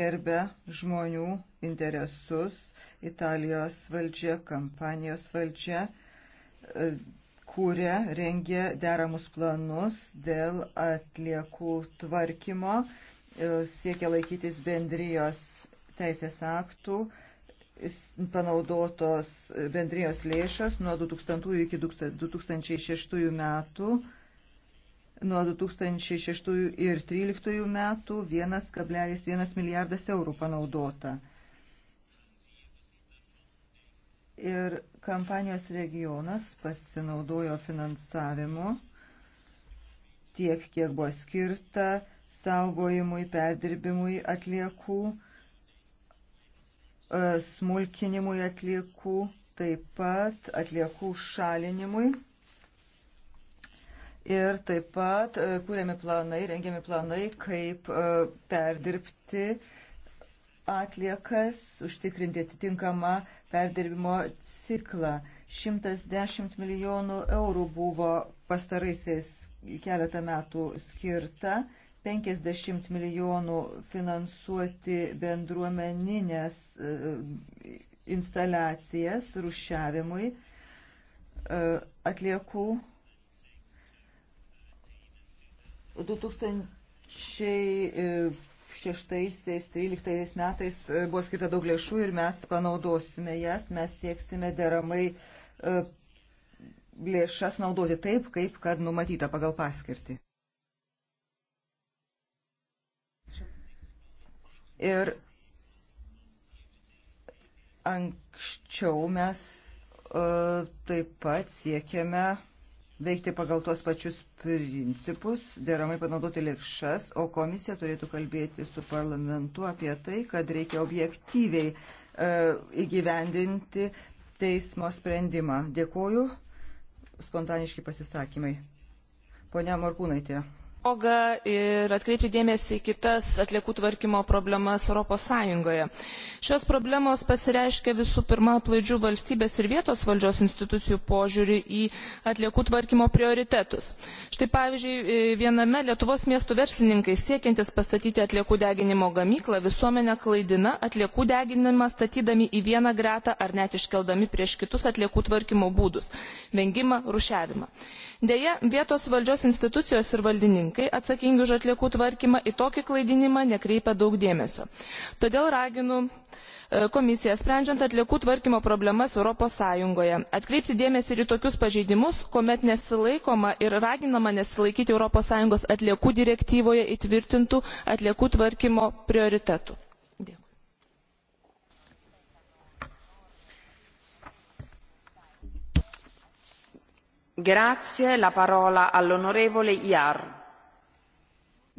gerbia žmonių interesus, Italijos valdžia, kampanijos valdžia e, kūrė, rengė deramus planus dėl atliekų tvarkymo, e, siekia laikytis bendrijos teisės aktų, panaudotos bendrijos lėšas nuo 2000 iki 2006 metų. Nuo 2006 ir 2013 metų 1,1 milijardas eurų panaudota. Ir Kampanijos regionas pasinaudojo finansavimu tiek, kiek buvo skirta saugojimui, perdirbimui atliekų, e, smulkinimui atliekų, taip pat atliekų šalinimui. Ir taip pat e, kūrėmi planai, rengiami planai, kaip e, perdirbti atliekas, užtikrinti atitinkamą perdirbimo ciklą. 110 milijonų eurų buvo pastaraisiais keletą metų skirta, 50 milijonų finansuoti bendruomeninės e, instaliacijas rušiavimui e, atliekų 2000 2006-2013 metais e, buvo skirta daug lėšų ir mes panaudosime jas, mes sieksime deramai e, lėšas naudoti taip, kaip kad numatyta pagal paskirtį. Ir anksčiau mes e, taip pat siekiame veikti pagal tuos pačius principus, deramai panaudoti lėkšas, o komisija turėtų kalbėti su parlamentu apie tai, kad reikia objektyviai e, įgyvendinti teismo sprendimą. Dėkuoju. Spontaniški pasisakymai. Pone Morkūnaitė progą ir atkreipti dėmesį į kitas atliekų tvarkymo problemas Europos Sąjungoje. Šios problemos pasireiškia visų pirma plaidžių valstybės ir vietos valdžios institucijų požiūrį į atliekų tvarkymo prioritetus. Štai pavyzdžiui, e, viename Lietuvos miestų verslininkai siekiantis pastatyti atliekų deginimo gamyklą visuomenę klaidina atliekų deginimą statydami į vieną gretą ar net iškeldami prieš kitus atliekų tvarkymo būdus – vengimą, rušiavimą. Deja, vietos valdžios institucijos ir valdininkai ūkininkai atsakingi už atliekų tvarkymą į tokį klaidinimą nekreipia daug dėmesio. todėl raginu e, komisiją sprendžiant atliekų tvarkymo problemas europos sąjungoje atkreipti dėmesį ir į tokius pažeidimus kuomet nesilaikoma ir raginama nesilaikyti europos sąjungos atliekų direktyvoje įtvirtintų atliekų tvarkymo prioritetų. Grazie, la parola all'onorevole Iar.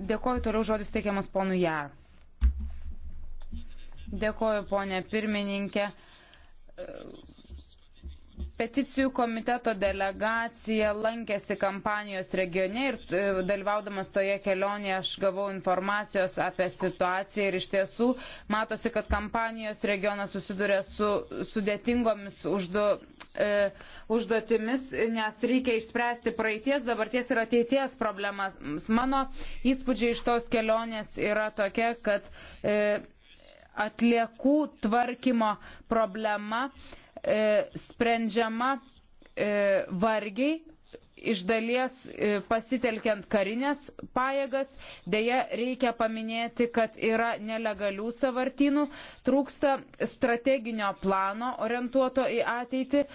Dėkoju toliau žodis teikiamas ponui Jar. Dėkoju, ponė pirmininkė. Peticijų komiteto delegacija lankėsi kampanijos regione ir e, dalyvaudamas toje kelionėje aš gavau informacijos apie situaciją ir iš tiesų matosi, kad kampanijos regionas susiduria su sudėtingomis uždu, e, užduotimis, nes reikia išspręsti praeities, dabarties ir ateities problemas. Mano įspūdžiai iš tos kelionės yra tokia, kad e, atliekų tvarkymo problema e, E, sprendžiama e, vargiai, iš dalies e, pasitelkiant karinės pajėgas. Deja, reikia paminėti, kad yra nelegalių savartynų, trūksta strateginio plano orientuoto į ateitį.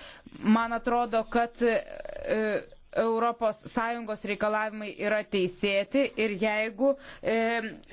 Man atrodo, kad ES reikalavimai yra teisėti ir jeigu, e,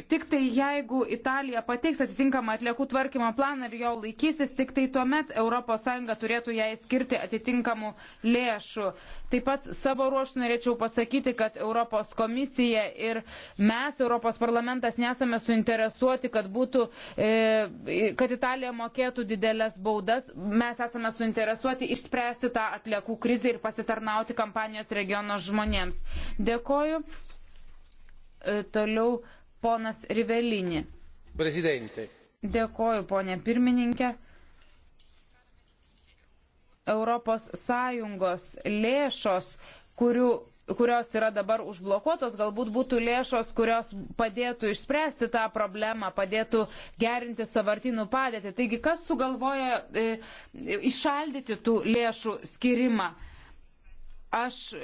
tik tai jeigu Italija pateiks atitinkamą atliekų tvarkymo planą ir jo laikysis, tik tai tuomet ES turėtų jai skirti atitinkamų lėšų. Taip pat savo ruoštų norėčiau pasakyti, kad Europos komisija ir mes, Europos parlamentas, nesame suinteresuoti, kad, būtų, e, kad Italija mokėtų didelės baudas. Mes esame suinteresuoti išspręsti tą atliekų krizę ir pasitarnauti kampanijos Šiaurės regiono žmonėms. Dėkoju. E, toliau ponas Rivelinį. Prezidentė. Dėkoju, ponė pirmininkė. Europos Sąjungos lėšos, kurių kurios yra dabar užblokuotos, galbūt būtų lėšos, kurios padėtų išspręsti tą problemą, padėtų gerinti savartinų padėtį. Taigi, kas sugalvoja e, išaldyti tų lėšų skirimą? aš e,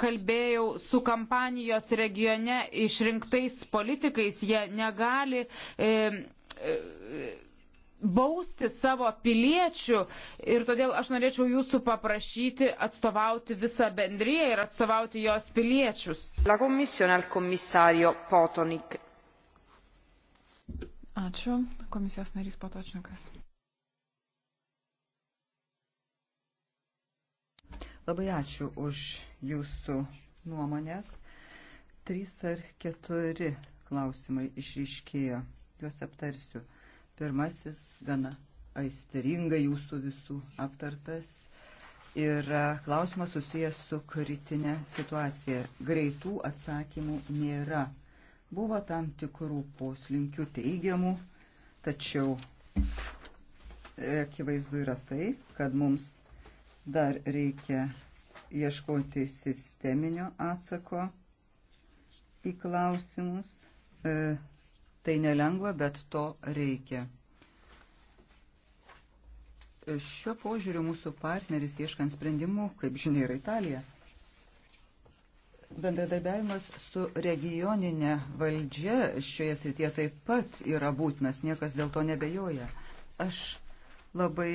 kalbėjau su kampanijos regione išrinktais politikais, jie negali e, e, bausti savo piliečių ir todėl aš norėčiau jūsų paprašyti atstovauti visą bendryją ir atstovauti jos piliečius. La komisione al komisario Potonik. Ačiū. Komisijos narys Patočnikas. Labai ačiū už jūsų nuomonės. Trys ar keturi klausimai išryškėjo. Juos aptarsiu. Pirmasis gana aistringai jūsų visų aptartas yra klausimas susijęs su kritinė situacija. Greitų atsakymų nėra. Buvo tam tikrų poslinkių teigiamų, tačiau e, akivaizdu yra tai, kad mums Dar reikia ieškoti sisteminio atsako į klausimus. E, tai nelengva, bet to reikia. E, šiuo požiūriu mūsų partneris ieškant sprendimų, kaip žinia, yra Italija. Bendradarbiavimas su regioninė valdžia šioje srityje taip pat yra būtinas, niekas dėl to nebejoja. Aš labai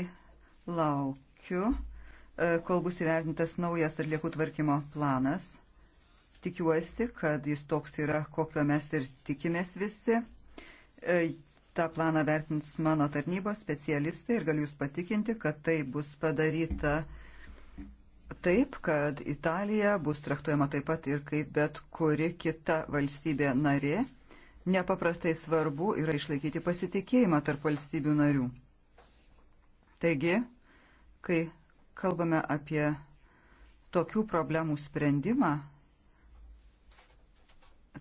laukiu E, kol bus įvertintas naujas atliekų tvarkymo planas. Tikiuosi, kad jis toks yra, kokio mes ir tikimės visi. E, Ta planą vertins mano tarnybos specialistai ir galiu Jūs patikinti, kad tai bus padaryta taip, kad Italija bus traktuojama taip pat ir kaip bet kuri kita valstybė narė. Nepaprastai svarbu yra išlaikyti pasitikėjimą tarp valstybių narių. Taigi, kai kalbame apie tokių problemų sprendimą,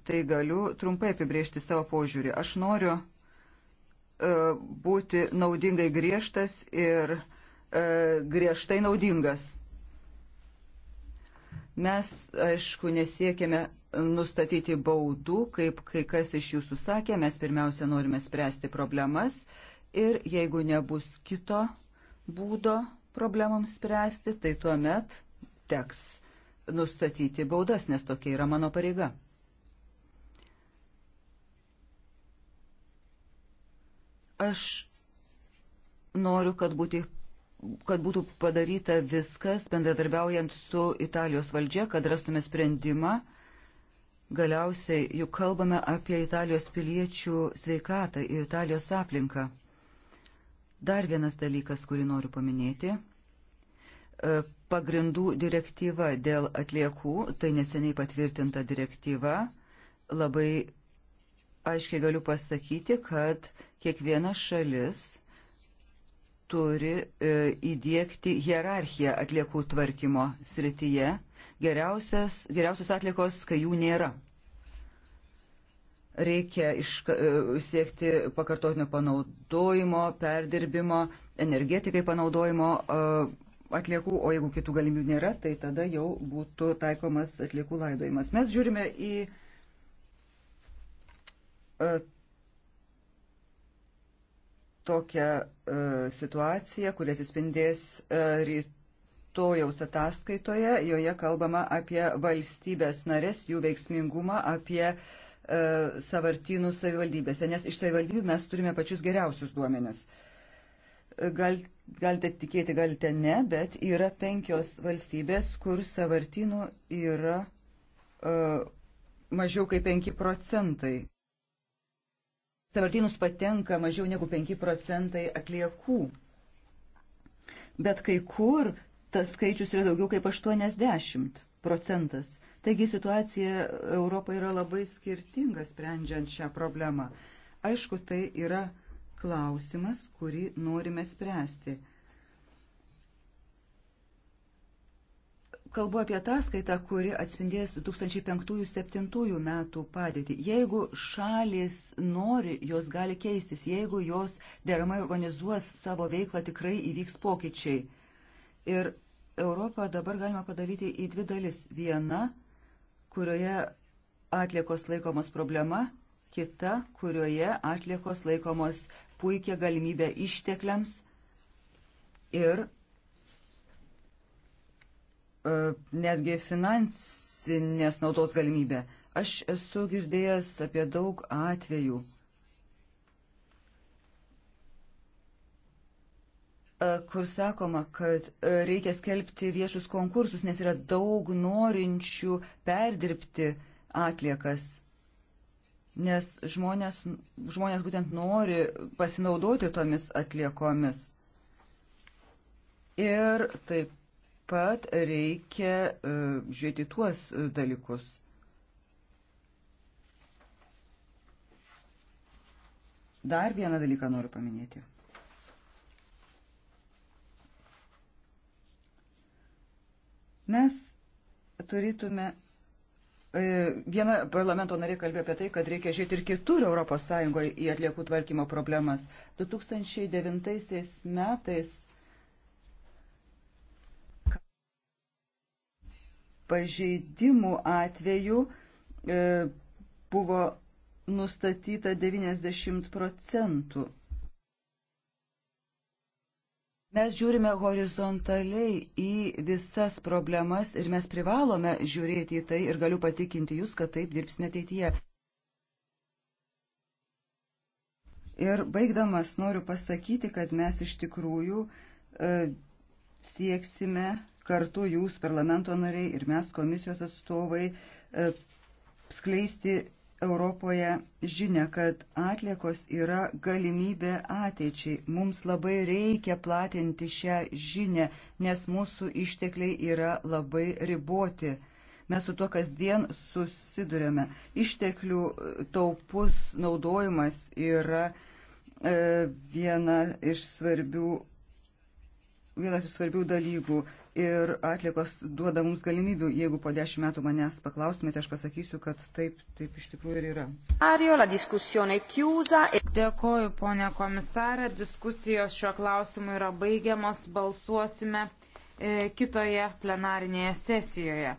tai galiu trumpai apibriežti savo požiūrį. Aš noriu e, būti naudingai griežtas ir e, griežtai naudingas. Mes, aišku, nesiekime nustatyti baudų, kaip kai kas iš jūsų sakė, mes pirmiausia norime spręsti problemas ir jeigu nebus kito būdo, problemams spręsti, tai tuo met teks nustatyti baudas, nes tokia yra mano pareiga. Aš noriu, kad, būti, kad būtų padaryta viskas, bendradarbiaujant su Italijos valdžia, kad rastume sprendimą. Galiausiai juk kalbame apie Italijos piliečių sveikatą ir Italijos aplinką. Dar vienas dalykas, kurį noriu paminėti. E, pagrindų direktyva dėl atliekų, tai neseniai patvirtinta direktyva. Labai aiškiai galiu pasakyti, kad kiekviena šalis turi e, įdėkti hierarchiją atliekų tvarkymo srityje. Geriausios, geriausios atliekos, kai jų nėra. Reikia iš, e, siekti pakartotinio panaudojimo, perdirbimo, energetikai panaudojimo e, atliekų, o jeigu kitų galimybių nėra, tai tada jau būtų taikomas atliekų laidojimas. Mes žiūrime į e, tokią situaciją, kuri atsispindės rytojaus ataskaitoje. Joje kalbama apie valstybės narės, jų veiksmingumą, apie E, savartynų savivaldybėse, nes iš savivaldybių mes turime pačius geriausius duomenis. E, gal, galite tikėti, galite ne, bet yra penkios valstybės, kur savartynų yra uh, mažiau kaip 5 procentai. Savartynus patenka mažiau negu 5 procentai atliekų. Bet kai kur tas skaičius yra daugiau kaip 80 procentas. Taigi situacija Europoje yra labai skirtinga sprendžiant šią problemą. Aišku, tai yra klausimas, kurį norime spręsti. Kalbu apie tą skaitą, kuri atspindės 2005-2007 metų padėtį. Jeigu šalis nori, jos gali keistis. Jeigu jos deramai organizuos savo veiklą, tikrai įvyks pokyčiai. Ir Europą dabar galima padaryti į dvi dalis. Viena kurioje atliekos laikomos problema, kita, kurioje atliekos laikomos puikia galimybė ištekliams ir e, netgi finansinės naudos galimybė. Aš esu girdėjęs apie daug atvejų E, kur sakoma, kad e, reikia skelbti viešus konkursus, nes yra daug norinčių perdirbti atliekas. Nes žmonės, žmonės būtent nori pasinaudoti tomis atliekomis. Ir taip pat reikia uh, žiūrėti tuos dalykus. Dar vieną dalyką noriu paminėti. Mes turėtume e, Viena parlamento narė kalbėjo apie tai, kad reikia žiūrėti ir kitur ES į atliekų tvarkymo problemas. 2009 metais pažeidimų atveju e, buvo nustatyta 90 procentų Mes žiūrime horizontaliai į visas problemas ir mes privalome žiūrėti į tai ir galiu patikinti Jūs, kad taip dirbsime ateityje. Ir baigdamas noriu pasakyti, kad mes iš tikrųjų e, sieksime kartu Jūs, parlamento nariai ir mes, komisijos atstovai, e, skleisti Europoje žinia, kad atliekos yra galimybė ateičiai. Mums labai reikia platinti šią žinę, nes mūsų ištekliai yra labai riboti. Mes su tuo kasdien susidurėme. Išteklių e, taupus naudojimas yra e, viena iš svarbių vienas iš svarbių dalykų ir atlikos duoda mums galimybių. Jeigu po dešimt metų manęs paklaustumėte, aš pasakysiu, kad taip, taip iš tikrųjų ir yra. E- Dėkoju, ponė komisarė. Diskusijos šiuo klausimu yra baigiamos. Balsuosime e, kitoje plenarinėje sesijoje.